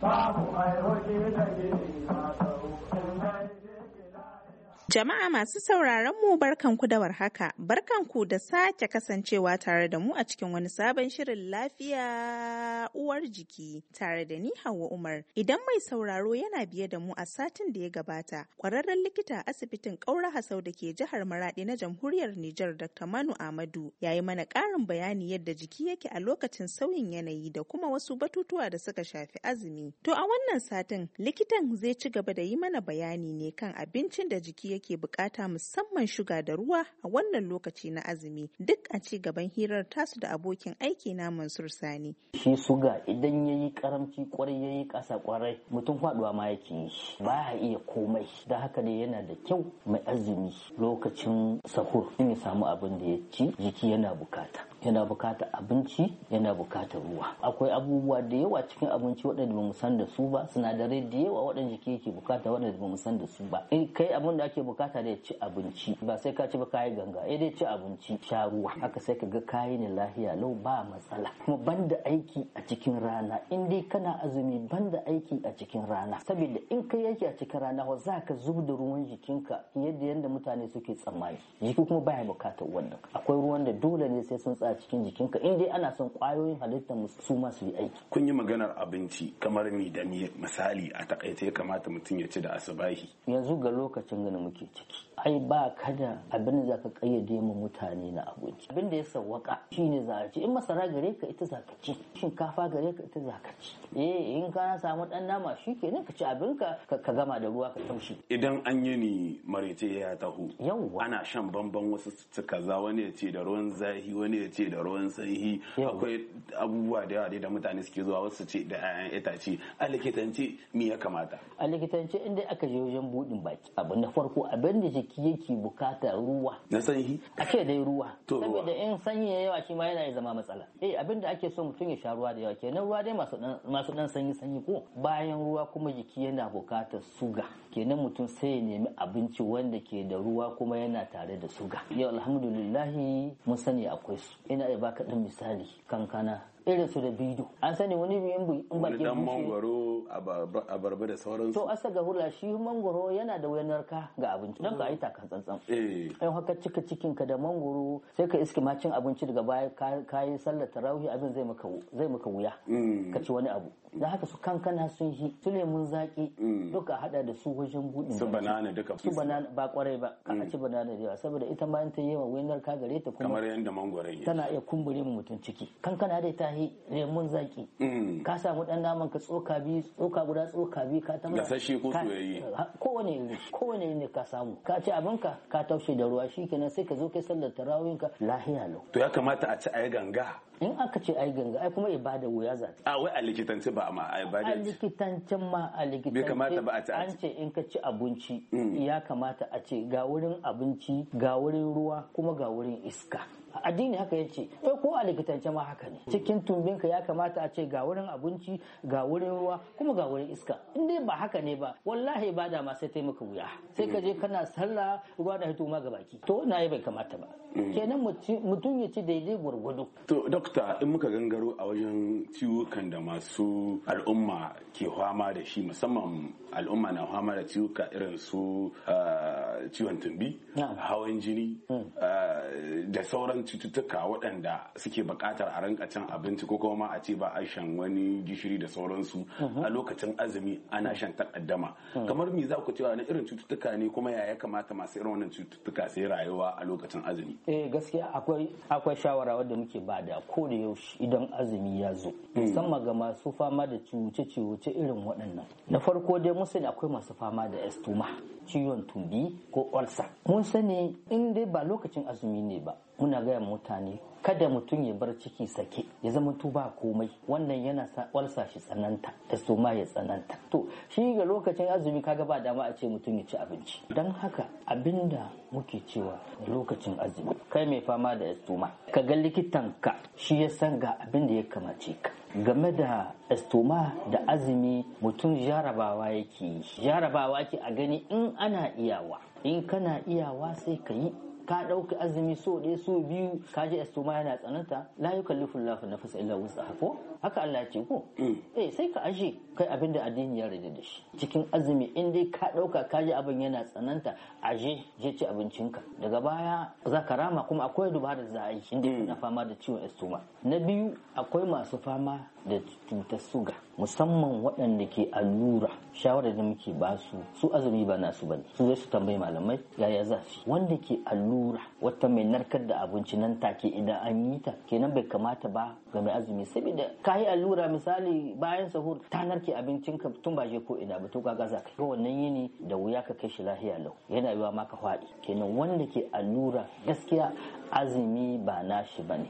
Babu mai hoji da gini Jama'a masu sauraron mu barkanku da warhaka, barkanku da sake kasancewa tare da mu a cikin wani sabon shirin lafiya uwar jiki tare da ni Hauwa Umar. Idan mai sauraro yana biye da mu a satin da ya gabata, kwararren likita asibitin Kaura Hasau da ke jihar Maradi na Jamhuriyar Nijar Dr. Manu Amadu ya yi mana ƙarin bayani yadda jiki yake a lokacin sauyin yanayi da kuma wasu batutuwa da suka shafi azumi. To a wannan satin likitan zai ci gaba da yi mana bayani ne kan abincin da jiki yake bukata musamman shuga da ruwa a wannan lokaci na azumi duk a ci gaban hirar tasu da abokin aiki na Mansur Sani. Shi suga idan ya yi karamci kwarai ya yi ƙasa kwarai mutum faduwa ma yake yi ba ya iya komai da haka ne yana da kyau mai azumi lokacin sahur in ya samu abin da ya ci jiki yana bukata. yana bukatar abinci yana bukatar ruwa akwai abubuwa da yawa cikin abinci waɗanda ba mu san da su ba sinadarai da yawa waɗanda jiki yake bukata waɗanda ba mu san da su ba in kai abin da ake bukata da ya ci abinci ba sai ka ci ba kayi ganga ya eh dai ci abinci sha ruwa haka sai ka ga kayi ne lahiya lau ba matsala kuma banda aiki a cikin rana in dai kana azumi banda aiki a cikin rana saboda in kai aiki a cikin rana wa za ka zub da ruwan jikinka yadda yadda mutane suke tsammani jiki kuma baya bukatar wannan akwai ruwan da dole ne sai sun motsa cikin jikinka in dai ana son kwayoyin halittar su masu yi aiki kun yi maganar abinci kamar mi da mi misali a ya kamata mutum ya ci da asubahi yanzu ga lokacin gani muke ciki ai ba kada abin da ka kayyade mu mutane na abinci abin da ya sawwaka ne za a ci in masara gare ka ita za ka ci shinkafa gare ka ita za ka ci eh in ka samu dan nama shi kenan ka ci abin ka ka gama da ruwa ka taushe idan an yi ni marece ya taho yawwa ana shan bamban wasu kaza za wani ya ce da ruwan zahi wani ya ce da ruwan sanyi akwai abubuwa da yawa da mutane suke zuwa wasu ce da ayan itace a likitance me ya kamata a likitance inda aka je wajen budin baki abu na farko abin da jiki yake bukata ruwa na sanyi a ce ruwa saboda in sanyi ya yawa shi ma yana zama matsala eh abin da ake so mutum ya sha ruwa da yawa kenan ruwa dai masu dan sanyi sanyi ko bayan ruwa kuma jiki yana bukatar suga kenan mutum sai ya nemi abinci wanda ke da ruwa kuma yana tare da suga yau alhamdulillah mun sani akwai su ina da baka ɗan misali kankana irin su da bido an sani wani biyan in baki dan mangoro abarba da sauransu to asa ga hula shi mangoro yana da wayar ka ga abinci don ka yi taka tsantsan eh haka cika cikin ka da mangoro sai ka iske macin abinci daga baya ka yi sallar tarawih abin zai maka zai maka wuya mm. ka ci wani abu da haka su kankana sun shi su lemun zaki mm. duka hada da su wajen buɗin su banana duka su banana ba kwarai ba ka mm. ci banana da yawa saboda ita ma ta yawa wayar ka gare ta kuma kamar yanda mangwaro yake tana iya kumbure mu mutum ciki kankana dai ta yi lemun zaki mm. ka samu dan naman ka tsoka bi tsoka guda tsoka bi ka ta gasashi ko soyayye kowane iri kowane ne ka samu ka ci abin ka ka taushe da ruwa shikenan sai ka zo kai sallar tarawih ka lahiya lau to ya kamata a ci ayi ganga in aka ce ayi ganga ai kuma ibada wuya za ta a wai a likitance ba ma a ba likitancin ma a likitancin an ce in ka ci abinci mm. ya kamata a ce ga wurin abinci ga wurin ruwa kuma ga wurin iska A addini haka yake ce ko a likitance ma haka ne cikin ka ya kamata a ce ga wurin abinci ga wurin ruwa kuma ga wurin iska in dai ba haka ne ba wallahi ba da ma sai ta maka wuya sai ka je kana sallah ruwa da hito ma ga baki to na bai kamata ba mm. kenan mutum ya ci daidai gwargwado to dokta in muka gangaro a wajen ciwukan da masu al'umma ke fama da shi musamman al'umma na fama da ciwuka irin su ah, ciwon tumbi hawan jini mm. ah, da sauran cututtuka waɗanda suke buƙatar a rinka cin abinci ko kuma a ce ba a shan wani gishiri da sauransu mhm. a lokacin azumi ana shan takaddama hmm. kamar me za ku cewa na irin cututtuka ne kuma ya kamata masu irin wannan cututtuka sai rayuwa a lokacin azumi eh gaskiya akwai akwai shawara wadda muke bada ko da yaushe idan azumi ya zo hmm. musamman ga masu fama da cuce-cuce irin waɗannan na farko dai mun sani akwai masu fama da estuma ciwon tumbi ko ulcer mun sani in dai ba lokacin azumi ne ba muna ga kiran mutane kada mutum ya bar ciki sake ya zama ba komai wannan yana sa walsa shi tsananta da su ma ya tsananta to shi ga lokacin azumi kaga ba dama a ce mutum ya ci abinci don haka abinda muke cewa lokacin azumi kai mai fama da estoma ka ga likitan ka shi ya san ga abin da ya kamace ka game da estoma da azumi mutum jarabawa yake yi jarabawa ke a gani in ana iyawa in kana iyawa sai ka yi ka ɗauki azumi so ɗaya so biyu ka je astoma yana tsananta la yukallifu na fasa illa wus'aha ko haka Allah ya ce ko mm. eh sai ka aje kai abin da addini ya rage da shi cikin azumi in dai ka ɗauka ka je abin yana tsananta aje je ci abincinka daga baya za ka rama kuma akwai dubara za a yi inda mm. fama da ciwon astoma na biyu akwai masu fama da cutar suga musamman waɗanda ke allura shawarar da muke ba su su azumi ba nasu ba su zai su tambayi malamai yaya za su wanda ke allura wata mai narkar da abinci nan take idan an yi ta kenan bai kamata ba ga mai azumi saboda ka yi allura misali bayan sahur ta narke abincinka tun ba ko ina ba to za ka ga wannan yini da wuya ka kai shi lahiya lau yana yiwa ma ka faɗi kenan wanda ke allura gaskiya azumi ba nashi ba ne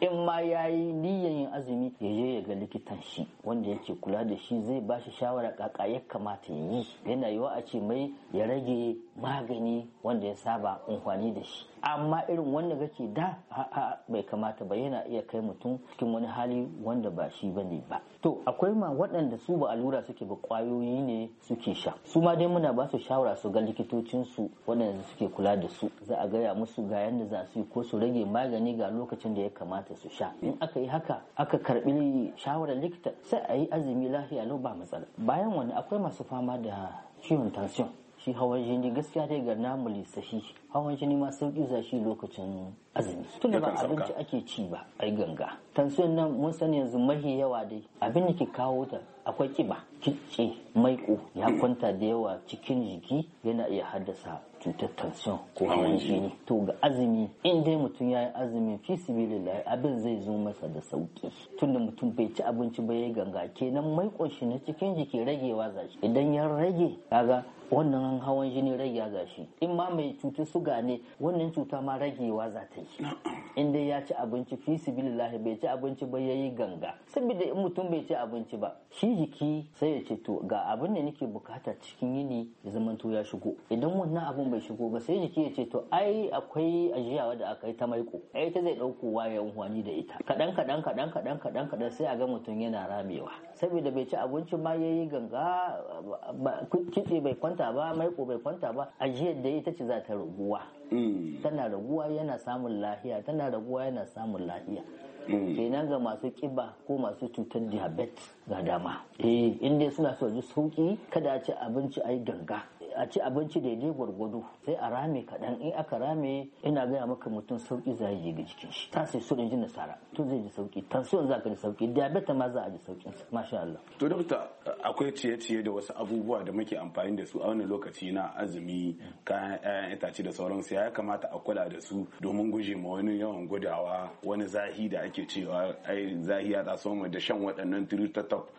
in ma ya yi niyan yin azumi ya je ya ga likitan shi wanda yake kula da shi zai ba shi shawara kaka ya kamata ya yi yana yiwa a ce mai ya rage magani wanda ya saba amfani da shi amma irin wanda kake da a'a bai kamata ba yana iya kai mutum cikin wani hali wanda ba shi bane ba to akwai ma waɗanda su ba allura suke ba kwayoyi ne suke sha su ma dai muna ba su shawara su ga likitocin su waɗanda suke kula da su za a gaya musu ga yanda za su yi ko su rage magani ga lokacin da ya kamata su sha in aka yi haka aka karbi shawarar likita sai a yi azumi lafiya lau ba matsala bayan wani akwai masu fama da ciwon tansiyon shi hawan jini gaskiya dai ga namu lissafi hawan jini ma sun iza shi lokacin azumi tun da ba abinci ake ci ba ai ganga tansiyon nan mun sani yanzu mahi yawa dai abin da ke kawo ta akwai kiba kitse maiko ya kwanta da yawa cikin jiki yana iya haddasa cutar tansiyon ko hawan jini to ga azumi in dai mutum ya yi azumi fi sibilillahi abin zai zo masa da sauki tun da mutum bai ci abinci ba ya ganga kenan maikon shi na cikin jiki ragewa zashi idan ya rage kaga wannan hawan jini rage zashi in ma mai cutar suga ne wannan cuta ma ragewa za ta yi in dai ya ci abinci fi sibilillahi bai ci abinci ba yayi ganga saboda in mutum bai ci abinci ba shi jiki sai ya ce ga abin da nake bukata cikin yini ya to ya shigo idan wannan abin bai shigo ba sai jiki ya ce to ai akwai ajiyawa da aka yi ta maiko ai ta zai dauko waya wani da ita kadan kadan kadan kadan kadan kadan sai a ga mutum yana ramewa saboda bai ci abinci ma yayi ganga kitse bai kwanta ba maiko bai kwanta ba ajiyar da ita ce za ta rugu raguwa mm. tana raguwa yana samun lahiya tana raguwa yana samun lahiya mm. kenan ga masu kiba ko masu cutar diabetes ga dama eh, In dai suna so ji sauki kada a ci abinci yi ganga a ci abinci daidai gwargwado sai a rame kaɗan in aka rame ina gaya maka mutum sauki za yi ga jikin shi ta sai surin jin nasara to zai ji sauki tansiyon za ka ji sauki diabetes ma za a ji saukin Mashala. masha Allah to dokta akwai ciye-ciye da wasu abubuwa da muke amfani da su a wannan lokaci na azumi kayan ƴaƴan itace da sauran sauransu ya kamata a kula da su domin guje ma wani yawan gudawa wani zahi da ake cewa ai zahi ya taso da shan waɗannan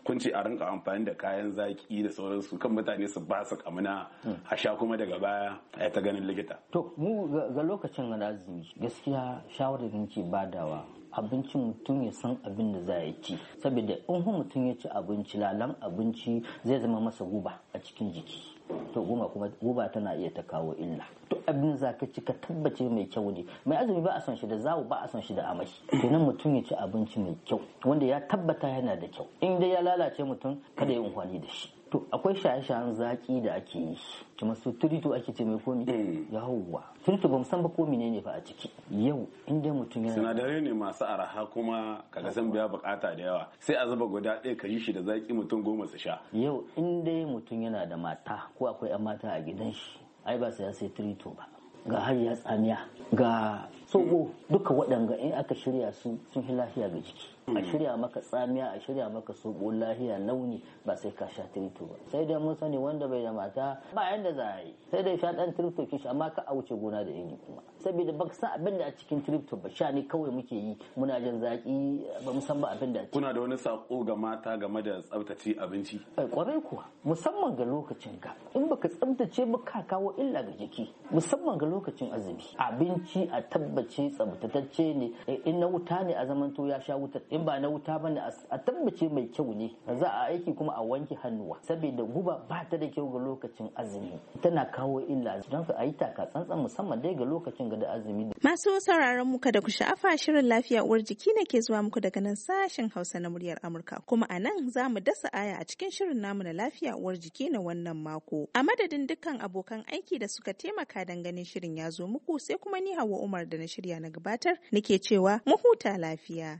kun ce a rinka amfani da kayan zaki da sauransu kan mutane su ba su kamuna a sha kuma daga baya a ta ganin likita to mu ga lokacin na azumi gaskiya shawarar da ba badawa abinci mutum ya san abin da za ya ci saboda in mutum ya ci abinci lalan abinci zai zama masa guba a cikin jiki to guba kuma guba tana iya ta kawo illa abin za ka ci ka tabbace mai kyau ne mai azumi ba a son shi da zawo ba a son shi da amashi kenan mutum ya ci abinci mai kyau wanda ya tabbata yana da kyau in dai ya lalace mutum kada ya unhwani da shi to akwai shaye-shayen zaki da ake yi kuma su turito ake ce mai komi eh. yawwa turito ba san ba komi ne fa a ciki yau inda mutum yana sinadarai ne masu araha kuma kaga san biya bukata da yawa sai a zuba guda ɗaya ka yi shi da zaki mutum goma su sha yau inda mutum yana da mata ko akwai 'yan mata a gidan shi ai ba sai ya sai trito ba ga har ya tsamiya ga sogo mm. duka waɗanga in aka shirya su sun fi lahiya ga jiki a mm. shirya maka tsamiya a shirya maka sobo lahiya launi ba sai ka sha tirito ba sai dai mun sani wanda bai da mata ba yanda za a yi sai dai sha ɗan tirito kishi amma ka a wuce gona da yini kuma saboda ka san abin da a cikin tirito ba sha ne kawai muke yi muna jin zaki ba mu san ba abin da kuna da wani sako ga mata game da tsaftace abinci kwarai eh, kuwa musamman ga lokacin ka in baka tsabtace ba ka kawo illa ga jiki musamman ga lokacin azumi abinci a tabbata tabbace tsabtatacce ne eh, in na wuta ne a zamanto ya sha wutar in ba na wuta ba a tabbace mai kyau ne za a aiki kuma a wanke hannuwa saboda guba ba ta da kyau ga lokacin azumi tana kawo illa don ka ayi taka tsantsan musamman dai ga lokacin ga da azumi. Masu sauraron muka da ku sha'afa shirin lafiya uwar jiki ne ke zuwa muku daga nan sashen Hausa na muryar Amurka kuma a nan za mu dasa aya a cikin shirin namu na lafiya uwar jiki na wannan mako. A madadin dukkan abokan aiki da suka taimaka dangane shirin ya zo muku sai kuma ni Hauwa Umar da na shirya na gabatar nake cewa mu huta lafiya.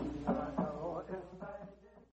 A